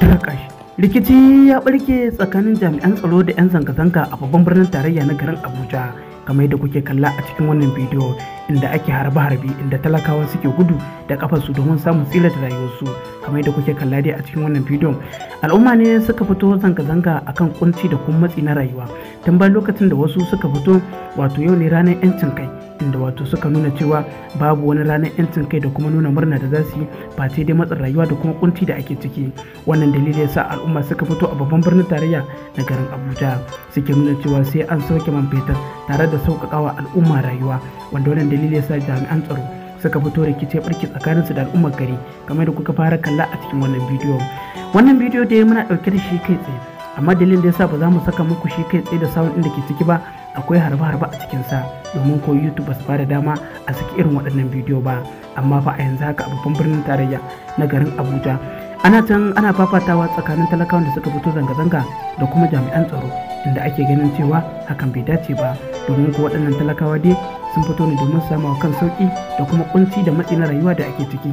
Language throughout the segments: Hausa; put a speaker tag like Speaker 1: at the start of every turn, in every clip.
Speaker 1: tarkashi rikici ya barke tsakanin jami'an tsaro da 'yan zanga-zanga a babban birnin tarayya na garin abuja kamar yadda kuke kalla a cikin wannan bidiyo inda ake harbe-harbe inda talakawa suke gudu da kafarsu domin samun tsira da rayuwarsu kamar yadda kuke kalla dai a cikin wannan bidiyon al'umma ne suka fito zanga-zanga akan kunci da kuma matsi na rayuwa tun bayan lokacin da wasu suka fito wato yau ne ranar 'yancin kai inda wato suka nuna cewa babu wani ranar 'yancin kai da kuma nuna murna da za su yi face dai matsin rayuwa da kuma kunci da ake ciki wannan dalilin sa al'umma suka fito a babban birnin tarayya na garin abuja suke nuna cewa sai an sauke man fetur tare da sauƙaƙawa al'umma rayuwa wanda wannan ya yasa jami'an tsaro suka fito rikice barki tsakanin su da al'ummar gari kamar da kuka fara kalla a cikin wannan bidiyo wannan bidiyo da muna dauke da shi kai tsaye amma dalilin da yasa ba za mu saka muku shi kai tsaye da sound inda ke ciki ba akwai harba-harba a cikin sa domin ko youtube ba su ba dama a saki irin waɗannan bidiyo ba amma fa a yanzu haka a babban birnin tarayya na garin abuja ana can ana fafatawa tsakanin talakawan da suka fito zanga-zanga da kuma jami'an tsaro inda ake ganin cewa hakan bai dace ba domin ko waɗannan talakawa dai sun fito ne domin samu kan sauki da kuma kunci da matsi na rayuwa da ake ciki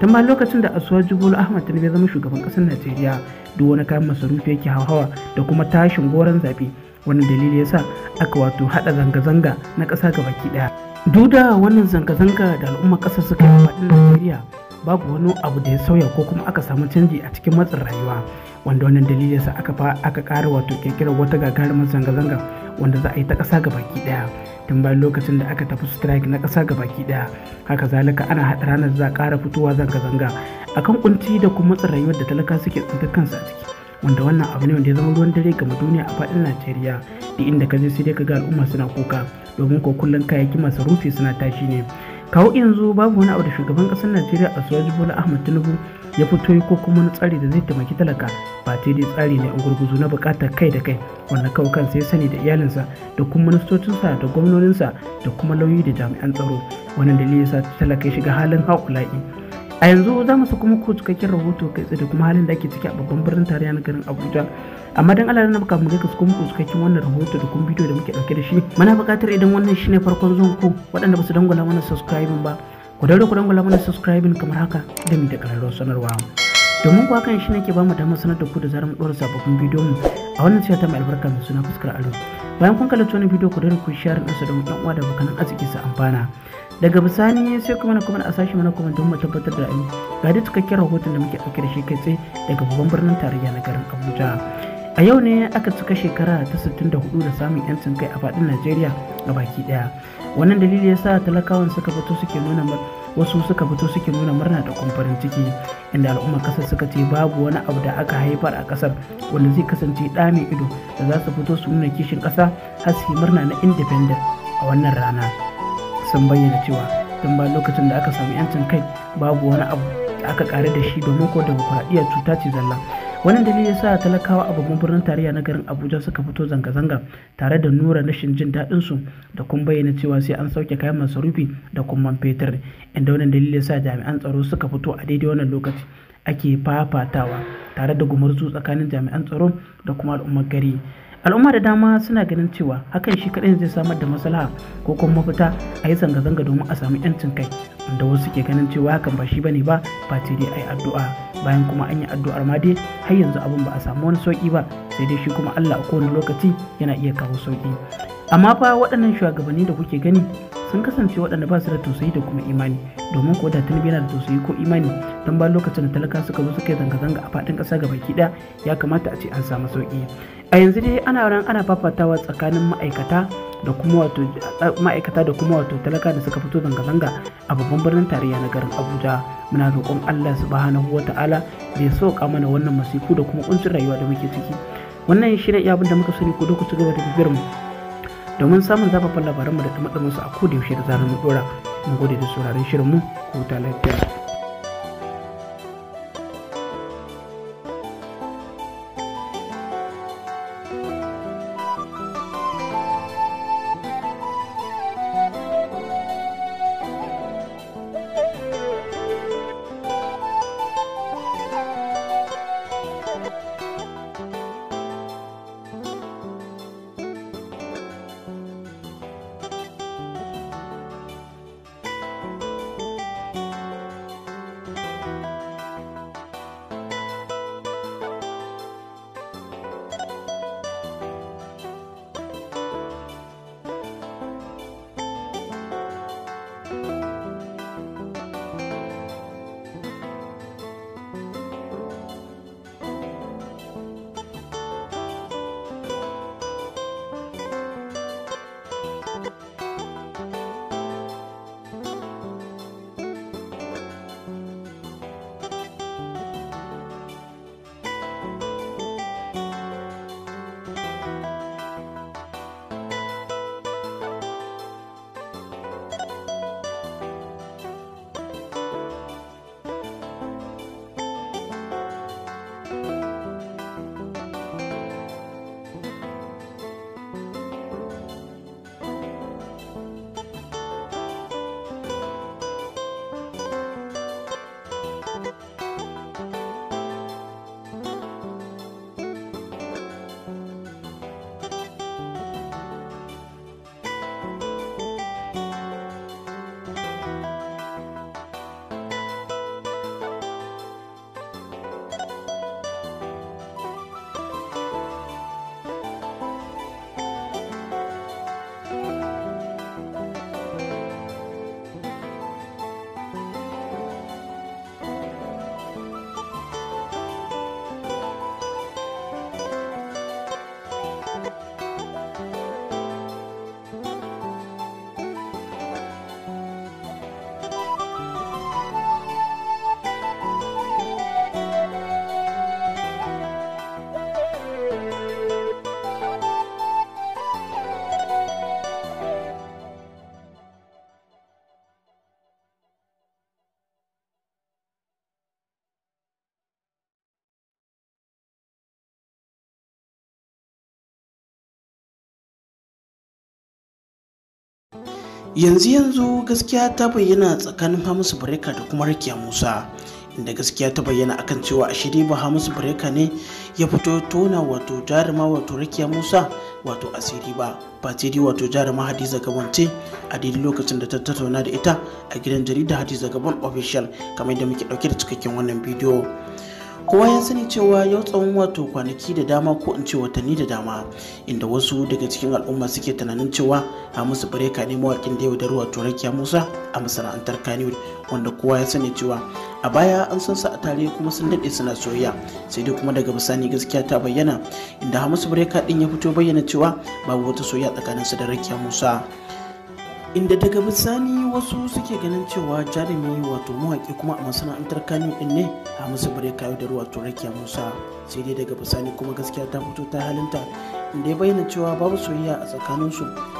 Speaker 1: ta ma lokacin da asuwa jubulu ahmad tinubu ya zama shugaban ƙasar najeriya duk wani kayan masarufi yake hauhawa da kuma tashin goron zaɓe wani dalili ya sa aka wato haɗa zanga-zanga na ƙasa gabaki ɗaya duk da wannan zanga-zanga da al'ummar ƙasar suka yi a faɗin najeriya babu wani abu da ya sauya ko kuma aka samu canji a cikin matsin rayuwa wanda wannan dalilin sa aka aka ƙara wato kirkirar wata gagarumar zanga-zanga wanda za a yi ta ƙasa baki ɗaya tun bayan lokacin da aka tafi strike na ƙasa baki ɗaya haka zalika ana haɗa ranar za a kara fitowa zanga-zanga akan kunci da kuma tsirrai da talaka suke tsintar kansu a ciki wanda wannan abu ne wanda ya zama ruwan dare ga duniya a faɗin najeriya da inda ka je sai dai ka ga al'umma suna kuka domin ko kullum kayayyaki masu rufi suna tashi ne kawo yanzu babu wani abu da shugaban ƙasar najeriya a bola ahmad tinubu ya fito ko kuma wani tsari da zai taimaki talaka ba ta dai tsari ne an gurguzu na bukatar kai da kai wannan kawai kansa ya sani da iyalinsa da kuma ministocinsa da gwamnoninsa da kuma lauyi da jami'an tsaro wani dalili sa talaka ya shiga halin haƙula'i a yanzu za mu su kuma ko cikakken rahoto kai tsaye da kuma halin da ake ciki a babban birnin tarayya na garin abuja amma dan allah na baka mu ga kasu kuma cikakken wannan rahoto da kuma bidiyo da muke dauke da shi muna buƙatar idan wannan shine farkon zuwan ku waɗanda ba su dangwala mana subscribe ba ku daura ku dangula mana subscribe kamar haka da mu da ƙararrawar sanarwa domin kuwa kan shi nake ba mu damar sanar da ku da zarar mu ɗora sababbin mu a wannan cewa ta mai albarka mai suna fuskar ado bayan kun kalli wani bidiyo ku daura ku share ɗansa da ɗan uwa da abokan arziki su amfana daga bisani sai kuma na kuma a sashi mana kuma don mu tabbatar da ai ga da cikakken rahoton da muke ɗauke da shi kai tsaye daga babban birnin tarayya na garin abuja a yau ne aka cika shekara ta 64 da samun yancin kai a faɗin najeriya ga baki ɗaya wannan dalili yasa talakawan suka fito suke nuna wasu suka fito suke nuna murna da kumfarin ciki inda al'ummar kasar suka ce babu wani abu da aka haifar a kasar wanda zai kasance ɗa mai ido da za su fito su nuna kishin ƙasa har murna na independent a wannan rana sun bayyana cewa tun ba lokacin da aka samu yancin kai babu wani abu da aka kare da shi domin ko iya cuta ce zalla wannan ya sa talakawa a babban birnin tarayya na garin abuja suka fito zanga-zanga tare da nura rashin jin daɗin su da kun bayyana cewa sai an sauke kayan masarufi da kuma fetur inda wannan dalili sa jami'an tsaro suka fito a daidai wannan lokaci ake fafatawa tare da gumurzu tsakanin jami'an tsaro da kuma al'ummar gari al'umma da dama suna ganin cewa hakan shi kaɗai zai samar da maslaha ko kuma mafita a yi zanga-zanga domin a samu 'yancin kai da wasu ke ganin cewa hakan ba shi bane ba ba ce dai a addu'a bayan kuma an yi addu'ar ma dai har yanzu abun ba a samu wani sauki ba sai dai shi kuma Allah a kowane lokaci yana iya kawo sauƙi. amma fa waɗannan shugabanni da kuke gani sun kasance waɗanda ba su da tausayi da kuma imani domin ko da tinubu yana da tausayi ko imani don ba lokacin da talaka suka zo suka zanga-zanga a faɗin ƙasa gaba ɗaya ya kamata a ce an samu sauƙi a yanzu dai ana ran ana fafatawa tsakanin ma'aikata da kuma wato ma'aikata da kuma wato talaka da suka fito zanga-zanga a babban birnin tarayya na garin abuja muna roƙon allah subhanahu wa ta'ala da ya sauka mana wannan masifu da kuma kuncin rayuwa da muke ciki wannan shi ne abin da muka sani ko da ku ci gaba da bibiyar mu domin samun zafafan mu da tsamatsamin su a kodayaushe da zarar mu dora mu gode da sauraron shirinmu ko ta lafiya yanzu yanzu gaskiya ta bayyana tsakanin hamisu breka da kuma rikiya musa inda gaskiya ta bayyana akan cewa a ba hamisu breka ne ya fito tona wato jaruma wato rikiya musa wato asiri ba ba dai wato jaruma hadiza gabon ce a daidai lokacin da ta tattauna da ita a gidan jarida hadiza gabon official kamar yadda muke dauke da cikakken wannan bidiyo kowa ya sani cewa yau tsawon wato kwanaki da dama ko in ce watanni da dama inda wasu daga cikin al'umma suke tunanin cewa hamisu bireka ne mawakin da yau da ruwa Rakiya musa a masana'antar kaniwood wanda kowa ya sani cewa a baya an san su a tare kuma sun daɗe suna soyayya sai dai kuma daga bisani gaskiya ta bayyana inda hamisu bireka ɗin ya fito bayyana cewa babu wata soyayya tsakaninsu da rakiya musa inda daga bisani wasu suke ganin cewa jarumi wato mawaƙi kuma a masana'antar kano din ne a musu bare kayo da wato rakiya musa sai dai daga bisani kuma gaskiya ta fito ta halinta inda ya bayyana cewa babu soyayya a tsakaninsu